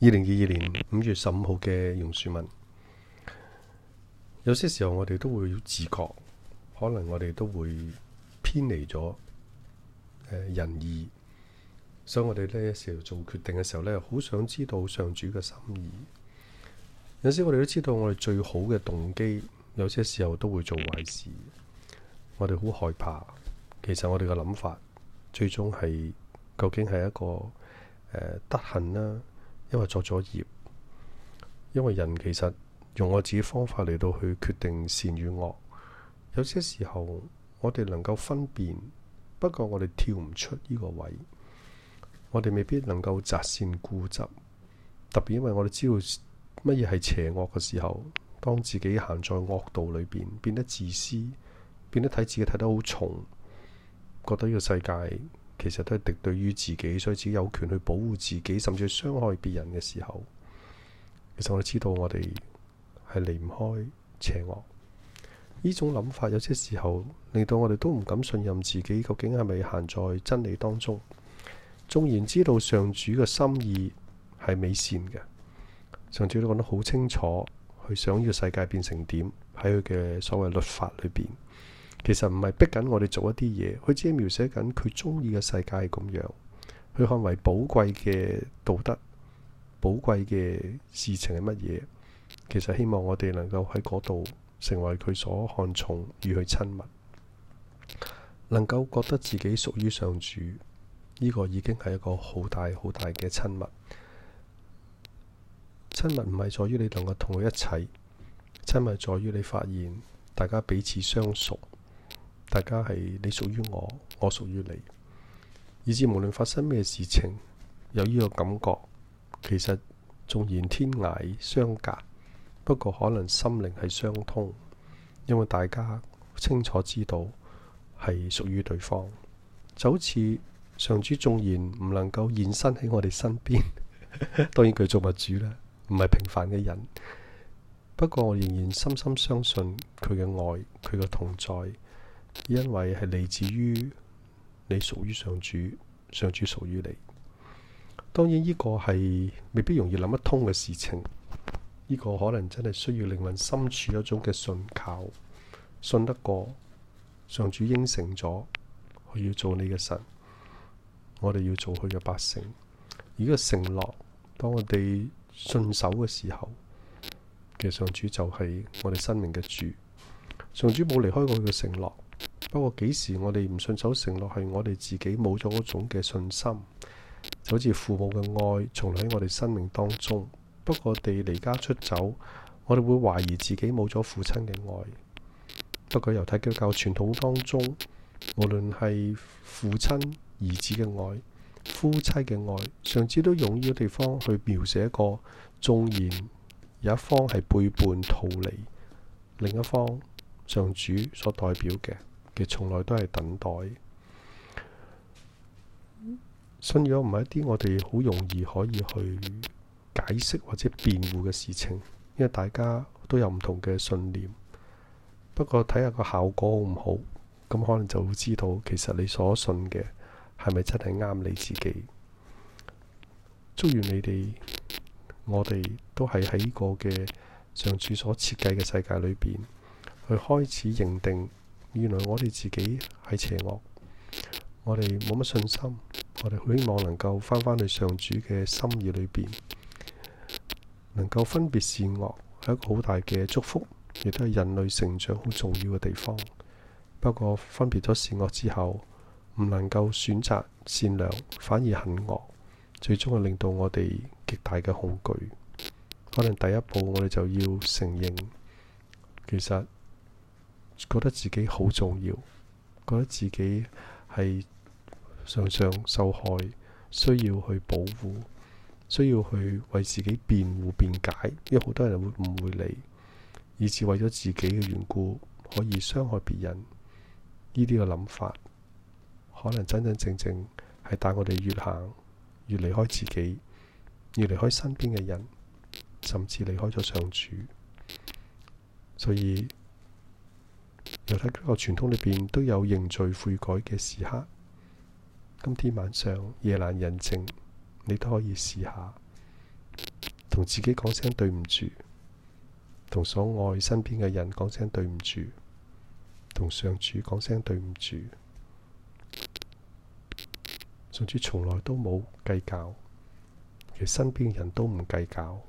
二零二二年五月十五號嘅榕樹文，有些時候我哋都會自覺，可能我哋都會偏離咗仁義，所以我哋呢時候做決定嘅時候呢，好想知道上主嘅心意。有時我哋都知道我哋最好嘅動機，有些時候都會做壞事。我哋好害怕，其實我哋嘅諗法最終係究竟係一個誒德行啦。呃因為作咗孽，因為人其實用我自己方法嚟到去決定善與惡，有些時候我哋能夠分辨，不過我哋跳唔出呢個位，我哋未必能夠擇善固執。特別因為我哋知道乜嘢係邪惡嘅時候，當自己行在惡道裏邊，變得自私，變得睇自己睇得好重，覺得呢個世界。其實都係敵對於自己，所以自己有權去保護自己，甚至去傷害別人嘅時候，其實我哋知道我哋係離唔開邪惡。呢種諗法，有些時候令到我哋都唔敢信任自己，究竟係咪行在真理當中？縱然知道上主嘅心意係美善嘅，上主都講得好清楚，佢想要世界變成點，喺佢嘅所謂律法裏邊。其實唔係逼緊我哋做一啲嘢，佢只係描寫緊佢中意嘅世界係咁樣，佢看為寶貴嘅道德、寶貴嘅事情係乜嘢。其實希望我哋能夠喺嗰度成為佢所看重與佢親密，能夠覺得自己屬於上主，呢個已經係一個好大好大嘅親密。親密唔係在於你能夠同佢一齊，親密在於你發現大家彼此相熟。大家係你屬於我，我屬於你，以至無論發生咩事情，有呢個感覺。其實縱然天涯相隔，不過可能心靈係相通，因為大家清楚知道係屬於對方，就好似上主縱然唔能夠現身喺我哋身邊， 當然佢做物主啦，唔係平凡嘅人。不過我仍然深深相信佢嘅愛，佢嘅同在。因為係嚟自於你屬於上主，上主屬於你。當然呢個係未必容易諗得通嘅事情。呢個可能真係需要靈魂深處一種嘅信靠，信得過上主應承咗佢要做你嘅神，我哋要做佢嘅百姓。而個承諾，當我哋信守嘅時候，其實上主就係我哋生命嘅主。上主冇離開過佢嘅承諾。不過幾時我哋唔信守承諾，係我哋自己冇咗嗰種嘅信心，就好似父母嘅愛從來喺我哋生命當中。不過我哋離家出走，我哋會懷疑自己冇咗父親嘅愛。不過猶太基督教傳統當中，無論係父親兒子嘅愛、夫妻嘅愛，上主都用呢個地方去描寫過。縱然有一方係背叛逃離，另一方上主所代表嘅。嘅，從來都係等待信仰，唔係一啲我哋好容易可以去解釋或者辯護嘅事情，因為大家都有唔同嘅信念。不過睇下個效果好唔好，咁可能就會知道其實你所信嘅係咪真係啱你自己。祝願你哋，我哋都係喺呢個嘅上次所設計嘅世界裏邊去開始認定。原來我哋自己係邪惡，我哋冇乜信心，我哋好希望能夠翻返去上主嘅心意裏邊，能夠分別善惡係一個好大嘅祝福，亦都係人類成長好重要嘅地方。不過分別咗善惡之後，唔能夠選擇善良，反而恨惡，最終係令到我哋極大嘅恐懼。可能第一步我哋就要承認，其實。覺得自己好重要，覺得自己係常常受害，需要去保護，需要去為自己辯護辯解，因為好多人會誤會你，以至為咗自己嘅緣故可以傷害別人。呢啲嘅諗法，可能真真正正係帶我哋越行越離開自己，越離開身邊嘅人，甚至離開咗上主。所以。又睇呢個傳統裏邊都有凝聚悔改嘅時刻。今天晚上夜難人靜，你都可以試下同自己講聲對唔住，同所愛身邊嘅人講聲對唔住，同上主講聲對唔住。甚至從來都冇計較，而身邊人都唔計較，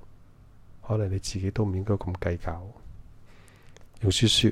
可能你自己都唔應該咁計較。用說說。